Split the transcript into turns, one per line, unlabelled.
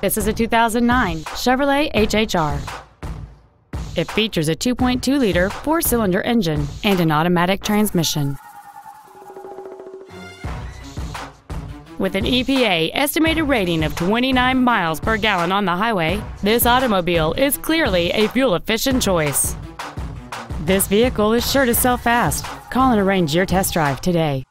This is a
2009 Chevrolet HHR. It features a 2.2-liter four-cylinder engine and an automatic transmission. With an EPA
estimated rating of 29 miles per gallon on the highway, this automobile is clearly a fuel-efficient
choice. This vehicle is sure to sell fast. Call and arrange your test drive today.